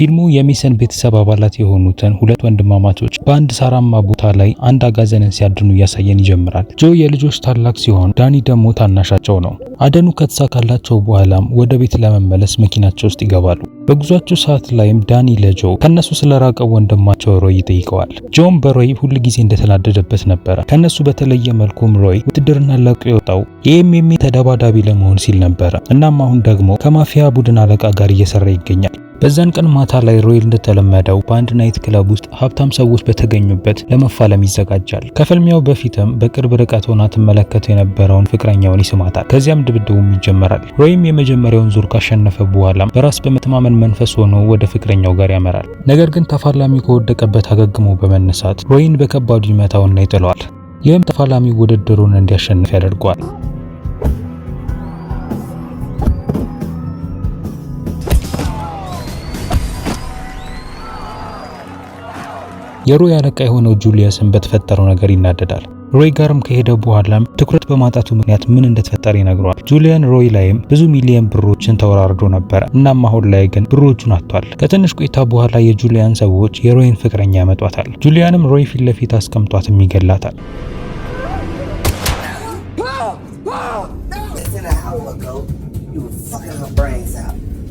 ፊልሙ የሜሰን ቤተሰብ አባላት የሆኑትን ሁለት ወንድማማቾች በአንድ ሳራማ ቦታ ላይ አንድ አጋዘንን ሲያድኑ እያሳየን ይጀምራል። ጆ የልጆች ታላቅ ሲሆን ዳኒ ደግሞ ታናሻቸው ነው። አደኑ ከተሳካላቸው በኋላም ወደ ቤት ለመመለስ መኪናቸው ውስጥ ይገባሉ። በጉዟቸው ሰዓት ላይም ዳኒ ለጆ ከነሱ ስለራቀው ወንድማቸው ሮይ ይጠይቀዋል። ጆም በሮይ ሁል ጊዜ እንደተናደደበት ነበረ። ከነሱ በተለየ መልኩም ሮይ ውትድርና ለቆ የወጣው የኤምኤምኤ ተደባዳቢ ለመሆን ሲል ነበረ። እናም አሁን ደግሞ ከማፊያ ቡድን አለቃ ጋር እየሰራ ይገኛል። በዛን ቀን ማታ ላይ ሮይል እንደተለመደው በአንድ ናይት ክለብ ውስጥ ሀብታም ሰዎች በተገኙበት ለመፋለም ይዘጋጃል። ከፍልሚያው በፊትም በቅርብ ርቀት ሆና ትመለከት የነበረውን ፍቅረኛውን ይስማታል። ከዚያም ድብድቡም ይጀመራል። ሮይም የመጀመሪያውን ዙር ካሸነፈ በኋላም በራስ በመተማመን መንፈስ ሆኖ ወደ ፍቅረኛው ጋር ያመራል። ነገር ግን ተፋላሚ ከወደቀበት አገግሞ በመነሳት ሮይን በከባዱ ይመታውና ይጥለዋል። ይህም ተፋላሚ ውድድሩን እንዲያሸንፍ ያደርገዋል። የሮይ አለቃ የሆነው ጁሊየስን በተፈጠረው ነገር ይናደዳል። ሮይ ጋርም ከሄደ በኋላም ትኩረት በማጣቱ ምክንያት ምን እንደተፈጠረ ይነግረዋል። ጁሊያን ሮይ ላይም ብዙ ሚሊየን ብሮችን ተወራርዶ ነበር እናም አሁን ላይ ግን ብሮቹን አጥቷል። ከትንሽ ቆይታ በኋላ የጁሊያን ሰዎች የሮይን ፍቅረኛ ያመጧታል። ጁሊያንም ሮይ ፊት ለፊት አስቀምጧትም ይገላታል።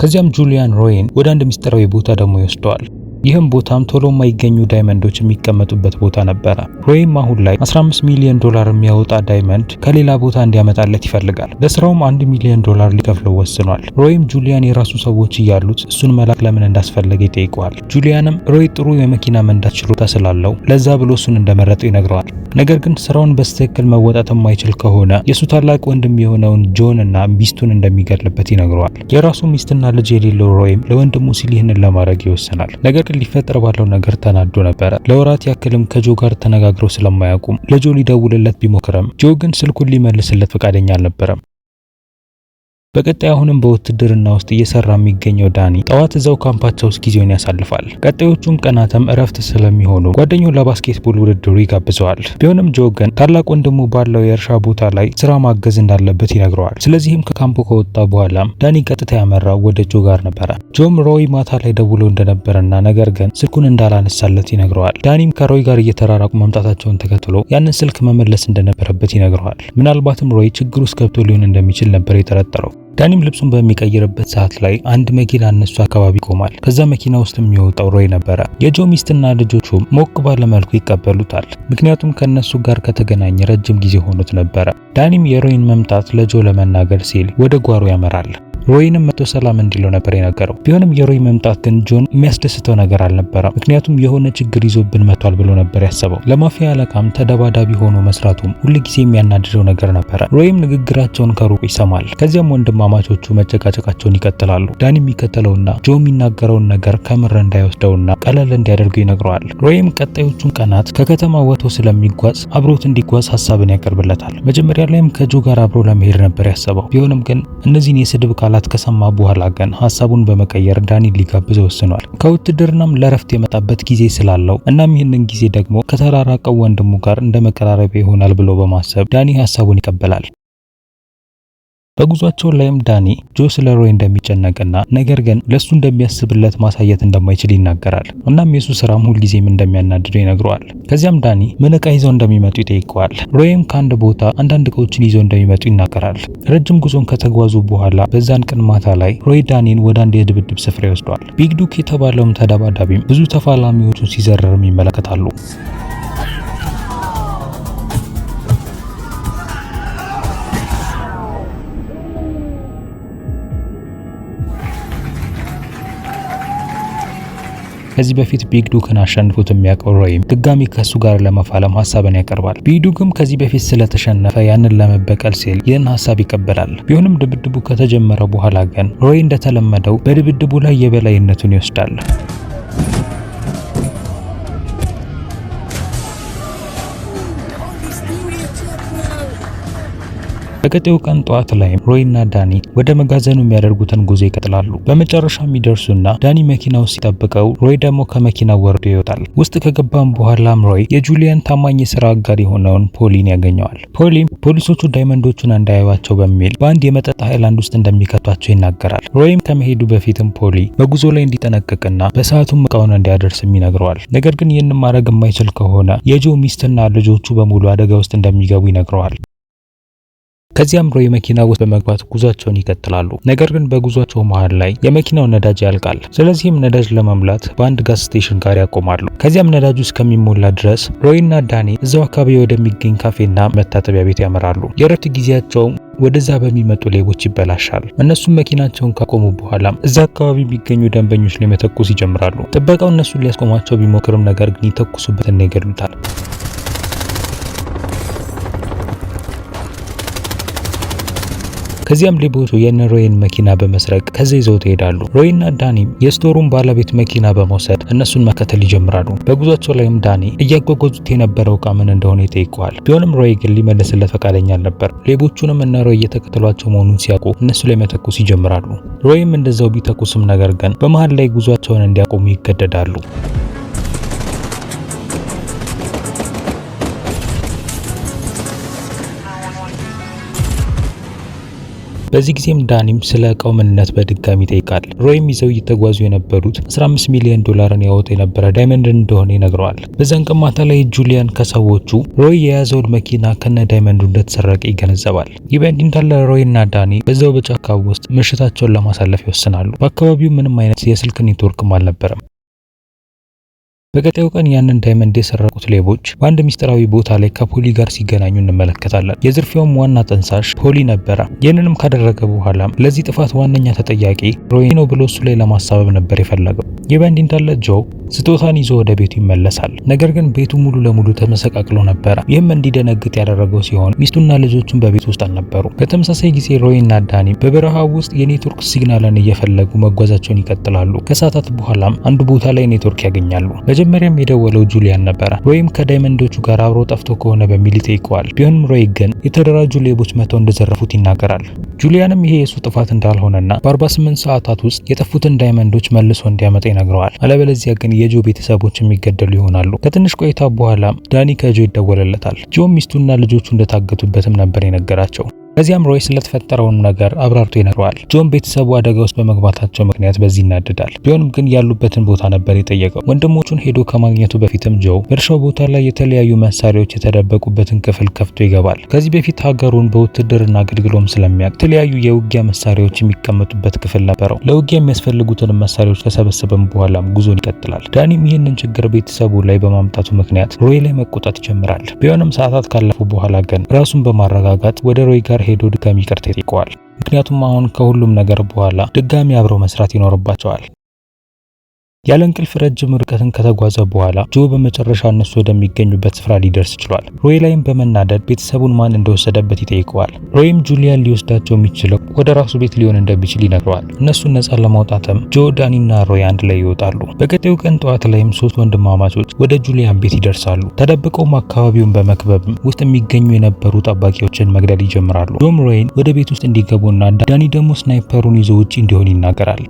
ከዚያም ጁሊያን ሮይን ወደ አንድ ምስጢራዊ ቦታ ደግሞ ይወስደዋል። ይህም ቦታም ቶሎ የማይገኙ ዳይመንዶች የሚቀመጡበት ቦታ ነበረ። ሮይም አሁን ላይ 15 ሚሊዮን ዶላር የሚያወጣ ዳይመንድ ከሌላ ቦታ እንዲያመጣለት ይፈልጋል። ለስራውም 1 ሚሊዮን ዶላር ሊከፍለው ወስኗል። ሮይም ጁሊያን የራሱ ሰዎች እያሉት እሱን መላክ ለምን እንዳስፈለገ ይጠይቀዋል። ጁሊያንም ሮይ ጥሩ የመኪና መንዳት ችሎታ ስላለው ለዛ ብሎ እሱን እንደመረጠው ይነግረዋል። ነገር ግን ስራውን በስትክክል መወጣት የማይችል ከሆነ የእሱ ታላቅ ወንድም የሆነውን ጆን እና ሚስቱን እንደሚገድልበት ይነግረዋል። የራሱ ሚስትና ልጅ የሌለው ሮይም ለወንድሙ ሲል ይህንን ለማድረግ ይወስናል። ነገር ግን ሊፈጠር ባለው ነገር ተናዶ ነበረ። ለወራት ያክልም ከጆ ጋር ተነጋግረው ስለማያውቁም ለጆ ሊደውልለት ቢሞክርም ጆ ግን ስልኩን ሊመልስለት ፈቃደኛ አልነበረም። በቀጣይ አሁንም በውትድርና ውስጥ እየሰራ የሚገኘው ዳኒ ጠዋት እዛው ካምፓቸው ውስጥ ጊዜውን ያሳልፋል። ቀጣዮቹም ቀናትም እረፍት ስለሚሆኑ ጓደኛው ለባስኬትቦል ውድድሩ ይጋብዘዋል። ቢሆንም ጆ ግን ታላቅ ወንድሙ ባለው የእርሻ ቦታ ላይ ስራ ማገዝ እንዳለበት ይነግረዋል። ስለዚህም ከካምፖ ከወጣ በኋላም ዳኒ ቀጥታ ያመራው ወደ ጆ ጋር ነበረ። ጆም ሮይ ማታ ላይ ደውሎ እንደነበረና ነገር ግን ስልኩን እንዳላነሳለት ይነግረዋል። ዳኒም ከሮይ ጋር እየተራራቁ መምጣታቸውን ተከትሎ ያንን ስልክ መመለስ እንደነበረበት ይነግረዋል። ምናልባትም ሮይ ችግር ውስጥ ገብቶ ሊሆን እንደሚችል ነበር የጠረጠረው። ዳኒም ልብሱን በሚቀይርበት ሰዓት ላይ አንድ መኪና እነሱ አካባቢ ይቆማል። ከዛ መኪና ውስጥ የሚወጣው ሮይ ነበረ። የጆ ሚስትና ልጆቹ ሞቅ ባለ መልኩ ይቀበሉታል። ምክንያቱም ከነሱ ጋር ከተገናኘ ረጅም ጊዜ ሆኖት ነበረ። ዳኒም የሮይን መምጣት ለጆ ለመናገር ሲል ወደ ጓሮ ያመራል። ሮይንም መጥቶ ሰላም እንዲለው ነበር የነገረው። ቢሆንም የሮይ መምጣት ግን ጆን የሚያስደስተው ነገር አልነበረም። ምክንያቱም የሆነ ችግር ይዞብን መጥቷል ብሎ ነበር ያሰበው። ለማፊያ አለቃም ተደባዳቢ ሆኖ መስራቱም ጊዜ የሚያናድደው ነገር ነበረ። ሮይም ንግግራቸውን ከሩቅ ይሰማል። ከዚያም ወንድማማቾቹ መጨቃጨቃቸውን ይቀጥላሉ። ዳን የሚከተለውና ጆ የሚናገረውን ነገር ከምር እንዳይወስደውና ቀለል እንዲያደርገው ይነግረዋል። ሮይም ቀጣዮቹን ቀናት ከከተማ ወጥቶ ስለሚጓዝ አብሮት እንዲጓዝ ሀሳብን ያቀርብለታል። መጀመሪያ ላይም ከጆ ጋር አብሮ ለመሄድ ነበር ያሰበው። ቢሆንም ግን እነዚህን የስድብ ቃላት ቃላት ከሰማ በኋላ ግን ሀሳቡን በመቀየር ዳኒ ሊጋብዘው ወስኗል። ከውትድርናም ለረፍት የመጣበት ጊዜ ስላለው እናም ይህንን ጊዜ ደግሞ ከተራራቀው ወንድሙ ጋር እንደ መቀራረቢያ ይሆናል ብሎ በማሰብ ዳኒ ሀሳቡን ይቀበላል። በጉዟቸው ላይም ዳኒ ጆ ስለ ሮይ እንደሚጨነቅና ነገር ግን ለሱ እንደሚያስብለት ማሳየት እንደማይችል ይናገራል። እናም የሱ ስራም ሁልጊዜም እንደሚያናድደው ይነግረዋል። ከዚያም ዳኒ ምን እቃ ይዘው እንደሚመጡ ይጠይቀዋል። ሮይም ከአንድ ቦታ አንዳንድ እቃዎችን ይዘው እንደሚመጡ ይናገራል። ረጅም ጉዞን ከተጓዙ በኋላ በዛን ቀን ማታ ላይ ሮይ ዳኒን ወደ አንድ የድብድብ ስፍራ ይወስደዋል። ቢግዱክ የተባለውም ተደባዳቢም ብዙ ተፋላሚዎቹን ሲዘረርም ይመለከታሉ። ከዚህ በፊት ቢግዱክን አሸንፎት የሚያውቀው ሮይም ድጋሚ ከሱ ጋር ለመፋለም ሀሳብን ያቀርባል። ቢግዱክም ከዚህ በፊት ስለተሸነፈ ያንን ለመበቀል ሲል ይህን ሀሳብ ይቀበላል። ቢሆንም ድብድቡ ከተጀመረ በኋላ ግን ሮይ እንደተለመደው በድብድቡ ላይ የበላይነቱን ይወስዳል። በቀጣዩ ቀን ጠዋት ላይ ሮይና ዳኒ ወደ መጋዘኑ የሚያደርጉትን ጉዞ ይቀጥላሉ። በመጨረሻ የሚደርሱና ዳኒ መኪናው ሲጠብቀው፣ ሮይ ደግሞ ከመኪናው ወርዶ ይወጣል። ውስጥ ከገባም በኋላም ሮይ የጁሊያን ታማኝ የስራ አጋር የሆነውን ፖሊን ያገኘዋል። ፖሊም ፖሊሶቹ ዳይመንዶቹን እንዳያዩዋቸው በሚል በአንድ የመጠጥ ሃይላንድ ውስጥ እንደሚከቷቸው ይናገራል። ሮይም ከመሄዱ በፊትም ፖሊ በጉዞ ላይ እንዲጠነቀቅና በሰዓቱም እቃውን እንዲያደርስም ይነግረዋል። ነገር ግን ይህን ማድረግ የማይችል ከሆነ የጆ ሚስትና ልጆቹ በሙሉ አደጋ ውስጥ እንደሚገቡ ይነግረዋል። ከዚያም አምረው የመኪና ውስጥ በመግባት ጉዟቸውን ይቀጥላሉ። ነገር ግን በጉዟቸው መሃል ላይ የመኪናው ነዳጅ ያልቃል። ስለዚህም ነዳጅ ለመሙላት በአንድ ጋስ ስቴሽን ጋር ያቆማሉ። ከዚያም ነዳጅ እስከሚሞላ ድረስ ሮይና ዳኒ እዛው አካባቢ ወደሚገኝ ካፌና መታጠቢያ ቤት ያመራሉ። የእረፍት ጊዜያቸውም ወደዛ በሚመጡ ሌቦች ይበላሻል። እነሱም መኪናቸውን ካቆሙ በኋላ እዛ አካባቢ የሚገኙ ደንበኞች ላይ መተኮስ ይጀምራሉ። ጥበቃው እነሱን ሊያስቆማቸው ቢሞክርም ነገር ግን ይተኩሱበትና ይገድሉታል። ከዚያም ሊቦቱ የነሮይን መኪና በመስረቅ ከዚያ ይዘውት ይሄዳሉ። ሮይና ዳኒ የስቶሩን ባለቤት መኪና በመውሰድ እነሱን መከተል ይጀምራሉ። በጉዟቸው ላይም ዳኒ እያጓጓዙት የነበረው እቃ ምን እንደሆነ ይጠይቀዋል። ቢሆንም ሮይ ግን ሊመልስለት ፈቃደኛ አልነበር። ሌቦቹንም እነ ሮይ እየተከተሏቸው መሆኑን ሲያውቁ እነሱ ላይ መተኮስ ይጀምራሉ። ሮይም እንደዛው ቢተኩስም ነገር ግን በመሃል ላይ ጉዟቸውን እንዲያቆሙ ይገደዳሉ። በዚህ ጊዜም ዳኒም ስለ እቃው ምንነት በድጋሚ ይጠይቃል። ሮይም ይዘው እየተጓዙ የነበሩት 15 ሚሊዮን ዶላርን ያወጡ የነበረ ዳይመንድ እንደሆነ ይነግረዋል። በዛን ቀን ማታ ላይ ጁሊያን ከሰዎቹ ሮይ የያዘውን መኪና ከነ ዳይመንዱ እንደተሰረቀ ይገነዘባል። ይህ በእንዲህ እንዳለ ሮይ እና ዳኒ በዛው በጫካ ውስጥ ምሽታቸውን ለማሳለፍ ይወስናሉ። በአካባቢው ምንም አይነት የስልክ ኔትወርክም አልነበረም። በቀጣዩ ቀን ያንን ዳይመንድ የሰረቁት ሌቦች በአንድ ሚስጥራዊ ቦታ ላይ ከፖሊ ጋር ሲገናኙ እንመለከታለን። የዝርፊያውም ዋና ጠንሳሽ ፖሊ ነበረ። ይህንንም ካደረገ በኋላም ለዚህ ጥፋት ዋነኛ ተጠያቂ ሮይ ነው ብሎ እሱ ላይ ለማሳበብ ነበር የፈለገው። ይህ በእንዲህ እንዳለ ጆ ስጦታን ይዞ ወደ ቤቱ ይመለሳል። ነገር ግን ቤቱ ሙሉ ለሙሉ ተመሰቃቅሎ ነበረ። ይህም እንዲደነግጥ ያደረገው ሲሆን ሚስቱና ልጆቹን በቤት ውስጥ አልነበሩ። በተመሳሳይ ጊዜ ሮይና ዳኒ በበረሃ ውስጥ የኔትወርክ ሲግናልን እየፈለጉ መጓዛቸውን ይቀጥላሉ። ከሰዓታት በኋላም አንድ ቦታ ላይ ኔትወርክ ያገኛሉ። መጀመሪያም የደወለው ጁሊያን ነበረ፣ ሮይም ከዳይመንዶቹ ጋር አብሮ ጠፍቶ ከሆነ በሚል ይጠይቀዋል። ቢሆንም ሮይ ግን የተደራጁ ሌቦች መተው እንደዘረፉት ይናገራል። ጁሊያንም ይሄ የሱ ጥፋት እንዳልሆነና በ48 ሰዓታት ውስጥ የጠፉትን ዳይመንዶች መልሶ እንዲያመጣ ይነግረዋል። አለበለዚያ ግን የጆ ቤተሰቦች የሚገደሉ ይሆናሉ። ከትንሽ ቆይታ በኋላ ዳኒ ከጆ ይደወለለታል። ጆ ሚስቱና ልጆቹ እንደታገቱበትም ነበር የነገራቸው። ከዚያም ሮይ ስለተፈጠረውን ነገር አብራርቶ ይነግረዋል። ጆን ቤተሰቡ አደጋ ውስጥ በመግባታቸው ምክንያት በዚህ ይናደዳል። ቢሆንም ግን ያሉበትን ቦታ ነበር የጠየቀው። ወንድሞቹን ሄዶ ከማግኘቱ በፊትም ጆ በእርሻው ቦታ ላይ የተለያዩ መሳሪያዎች የተደበቁበትን ክፍል ከፍቶ ይገባል። ከዚህ በፊት ሀገሩን በውትድርና አገልግሎም ስለሚያውቅ የተለያዩ የውጊያ መሳሪያዎች የሚቀመጡበት ክፍል ነበረው። ለውጊያ የሚያስፈልጉትን መሳሪያዎች ከሰበሰበም በኋላም ጉዞን ይቀጥላል። ዳኒም ይህንን ችግር ቤተሰቡ ላይ በማምጣቱ ምክንያት ሮይ ላይ መቆጣት ይጀምራል። ቢሆንም ሰዓታት ካለፉ በኋላ ግን ራሱን በማረጋጋት ወደ ሮይ ጋር ሄዶ ድጋሚ ይቅርታ ይጠይቀዋል። ምክንያቱም አሁን ከሁሉም ነገር በኋላ ድጋሚ አብረው መስራት ይኖርባቸዋል። ያለ እንቅልፍ ረጅም ርቀትን ከተጓዘ በኋላ ጆ በመጨረሻ እነሱ ወደሚገኙበት ስፍራ ሊደርስ ችሏል። ሮይ ላይም በመናደድ ቤተሰቡን ማን እንደወሰደበት ይጠይቀዋል። ሮይም ጁሊያን ሊወስዳቸው የሚችለው ወደ ራሱ ቤት ሊሆን እንደሚችል ይነግረዋል። እነሱን ነፃ ለማውጣትም ጆ፣ ዳኒና ሮይ አንድ ላይ ይወጣሉ። በቀጣዩ ቀን ጠዋት ላይም ሶስት ወንድማማቾች ወደ ጁሊያን ቤት ይደርሳሉ። ተደብቀውም አካባቢውን በመክበብ ውስጥ የሚገኙ የነበሩ ጠባቂዎችን መግደል ይጀምራሉ። ጆም ሮይን ወደ ቤት ውስጥ እንዲገቡና ዳኒ ደግሞ ስናይፐሩን ይዞ ውጪ እንዲሆን ይናገራል።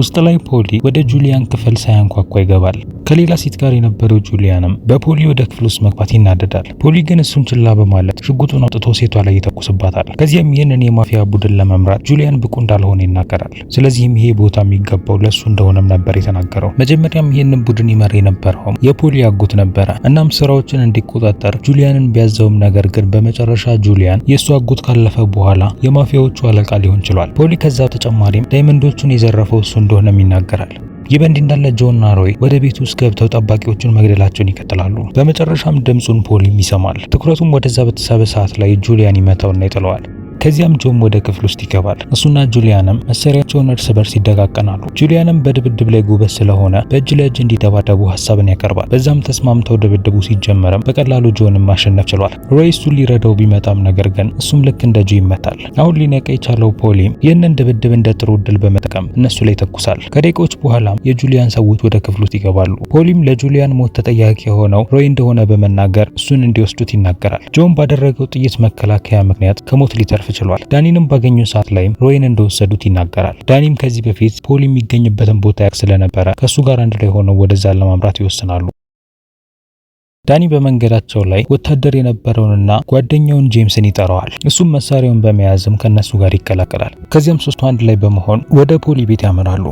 ውስጥ ላይ ፖሊ ወደ ጁሊያን ክፍል ሳያንኳኳ ይገባል። ከሌላ ሴት ጋር የነበረው ጁሊያንም በፖሊ ወደ ክፍል ውስጥ መግባት ይናደዳል። ፖሊ ግን እሱን ችላ በማለት ሽጉጡን አውጥቶ ሴቷ ላይ ይተኩስባታል። ከዚያም ይህንን የማፊያ ቡድን ለመምራት ጁሊያን ብቁ እንዳልሆነ ይናገራል። ስለዚህም ይሄ ቦታ የሚገባው ለእሱ እንደሆነም ነበር የተናገረው። መጀመሪያም ይህንን ቡድን ይመር የነበረውም የፖሊ አጎት ነበረ። እናም ስራዎችን እንዲቆጣጠር ጁሊያንን ቢያዘውም፣ ነገር ግን በመጨረሻ ጁሊያን የእሱ አጎት ካለፈ በኋላ የማፊያዎቹ አለቃ ሊሆን ችሏል። ፖሊ ከዛ በተጨማሪም ዳይመንዶቹን የዘረፈው እሱ እንደሆነም ይናገራል። ይህ በእንዲህ እንዳለ ጆንና ሮይ ወደ ቤት ውስጥ ገብተው ጠባቂዎቹን መግደላቸውን ይቀጥላሉ። በመጨረሻም ድምፁን ፖሊም ይሰማል። ትኩረቱም ወደዛ በተሳበ ሰዓት ላይ ጁሊያን ይመታውና ይጥለዋል። ከዚያም ጆም ወደ ክፍል ውስጥ ይገባል። እሱና ጁሊያንም መሳሪያቸውን እርስ በርስ ይደጋቀናሉ። ጁሊያንም በድብድብ ላይ ጉበት ስለሆነ በእጅ ለእጅ እንዲደባደቡ ሀሳብን ያቀርባል። በዛም ተስማምተው ድብድቡ ሲጀመርም በቀላሉ ጆንም ማሸነፍ ችሏል። ሮይ እሱን ሊረዳው ቢመጣም ነገር ግን እሱም ልክ እንደ ጁ ይመታል። አሁን ሊነቃ የቻለው ፖሊም ይህንን ድብድብ እንደ ጥሩ እድል በመጠቀም እነሱ ላይ ተኩሳል። ከደቂቆች በኋላም የጁሊያን ሰዎች ወደ ክፍል ውስጥ ይገባሉ። ፖሊም ለጁሊያን ሞት ተጠያቂ የሆነው ሮይ እንደሆነ በመናገር እሱን እንዲወስዱት ይናገራል። ጆን ባደረገው ጥይት መከላከያ ምክንያት ከሞት ሊተርፍ ተችሏል። ዳኒንም ባገኘው ሰዓት ላይም ሮይን እንደወሰዱት ይናገራል። ዳኒም ከዚህ በፊት ፖል የሚገኝበትን ቦታ ያቅ ስለነበረ ከእሱ ጋር አንድ ላይ ሆነው ወደዛ ለማምራት ይወስናሉ። ዳኒ በመንገዳቸው ላይ ወታደር የነበረውንና ጓደኛውን ጄምስን ይጠራዋል። እሱም መሳሪያውን በመያዝም ከነሱ ጋር ይቀላቀላል። ከዚያም ሶስቱ አንድ ላይ በመሆን ወደ ፖሊ ቤት ያመራሉ።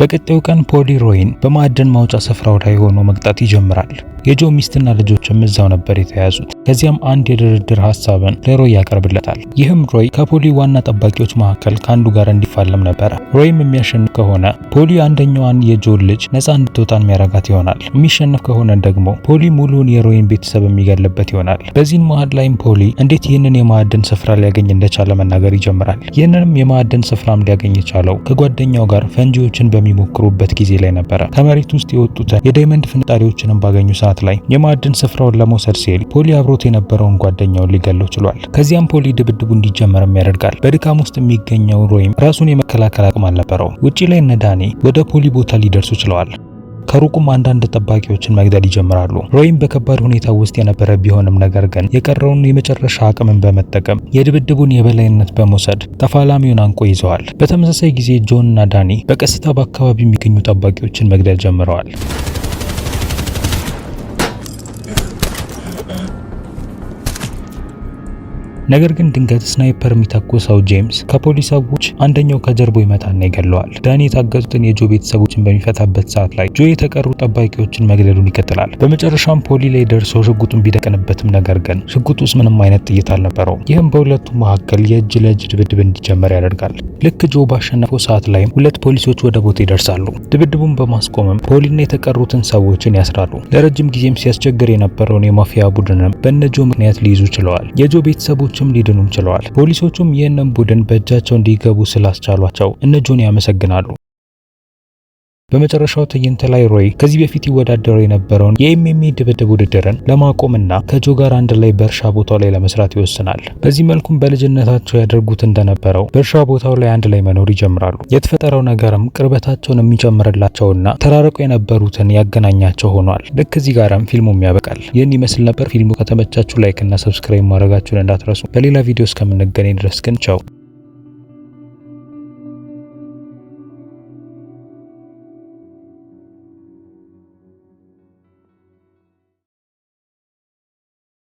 በቀጣዩ ቀን ፖሊ ሮይን በማዕድን ማውጫ ስፍራው ላይ ሆኖ መቅጣት ይጀምራል። የጆ ሚስትና ልጆችም እዛው ነበር የተያዙት። ከዚያም አንድ የድርድር ሀሳብን ለሮይ ያቀርብለታል። ይህም ሮይ ከፖሊ ዋና ጠባቂዎች መካከል ከአንዱ ጋር እንዲፋለም ነበረ። ሮይም የሚያሸንፍ ከሆነ ፖሊ አንደኛዋን የጆን ልጅ ነፃ እንድትወጣን የሚያረጋት ይሆናል። የሚሸነፍ ከሆነ ደግሞ ፖሊ ሙሉውን የሮይን ቤተሰብ የሚገልበት ይሆናል። በዚህን መሀል ላይም ፖሊ እንዴት ይህንን የማዕድን ስፍራ ሊያገኝ እንደቻለ መናገር ይጀምራል። ይህንንም የማዕድን ስፍራም ሊያገኝ የቻለው ከጓደኛው ጋር ፈንጂዎችን በሚሞክሩበት ጊዜ ላይ ነበረ። ከመሬት ውስጥ የወጡትን የዳይመንድ ፍንጣሪዎችንም ባገኙ ሰዓት ላይ የማዕድን ስፍራውን ለመውሰድ ሲል ፖሊ አብሮት የነበረውን ጓደኛውን ሊገለው ችሏል። ከዚያም ፖሊ ድብድቡ እንዲጀመርም ያደርጋል። በድካም ውስጥ የሚገኘው ሮይም ራሱን የመከላከል አቅም አልነበረውም። ውጪ ላይ እነ ዳኒ ወደ ፖሊ ቦታ ሊደርሱ ችለዋል። ከሩቁም አንዳንድ ጠባቂዎችን መግደል ይጀምራሉ። ሮይም በከባድ ሁኔታ ውስጥ የነበረ ቢሆንም ነገር ግን የቀረውን የመጨረሻ አቅምን በመጠቀም የድብድቡን የበላይነት በመውሰድ ተፋላሚውን አንቆ ይዘዋል። በተመሳሳይ ጊዜ ጆን እና ዳኒ በቀስታ በአካባቢ የሚገኙ ጠባቂዎችን መግደል ጀምረዋል። ነገር ግን ድንገት ስናይፐር የሚተኩሰው ጄምስ ከፖሊስ ሰዎች አንደኛው ከጀርቦ ይመታና ይገለዋል። ዳኒ የታገቱትን የጆ ቤተሰቦችን በሚፈታበት ሰዓት ላይ ጆ የተቀሩ ጠባቂዎችን መግደሉን ይቀጥላል። በመጨረሻም ፖሊ ላይ ደርሶ ሽጉጡን ቢደቅንበትም ነገር ግን ሽጉጡ ውስጥ ምንም አይነት ጥይት አልነበረውም። ይህም በሁለቱ መካከል የእጅ ለእጅ ድብድብ እንዲጀመር ያደርጋል። ልክ ጆ ባሸነፈው ሰዓት ላይም ሁለት ፖሊሶች ወደ ቦታ ይደርሳሉ። ድብድቡን በማስቆምም ፖሊና የተቀሩትን ሰዎችን ያስራሉ። ለረጅም ጊዜም ሲያስቸግር የነበረውን የማፊያ ቡድንም በነጆ ምክንያት ሊይዙ ችለዋል። የጆ ቤተሰቦች ሰዎችም ሊድኑም ችለዋል። ፖሊሶቹም ይህንን ቡድን በእጃቸው እንዲገቡ ስላስቻሏቸው እነ ጆን ያመሰግናሉ። በመጨረሻው ትዕይንት ላይ ሮይ ከዚህ በፊት ይወዳደረው የነበረውን የኤምኤም ድብድብ ውድድርን ለማቆምና ከጆ ጋር አንድ ላይ በእርሻ ቦታው ላይ ለመስራት ይወስናል። በዚህ መልኩም በልጅነታቸው ያደርጉት እንደነበረው በእርሻ ቦታው ላይ አንድ ላይ መኖር ይጀምራሉ። የተፈጠረው ነገርም ቅርበታቸውን የሚጨምርላቸውና ተራርቀው የነበሩትን ያገናኛቸው ሆኗል። ልክ እዚህ ጋርም ፊልሙም ያበቃል። ይህን ይመስል ነበር ፊልሙ። ከተመቻችሁ ላይክ እና ሰብስክራይብ ማድረጋችሁን እንዳትረሱ። በሌላ ቪዲዮ እስከምንገናኝ ድረስ ግን ቻው።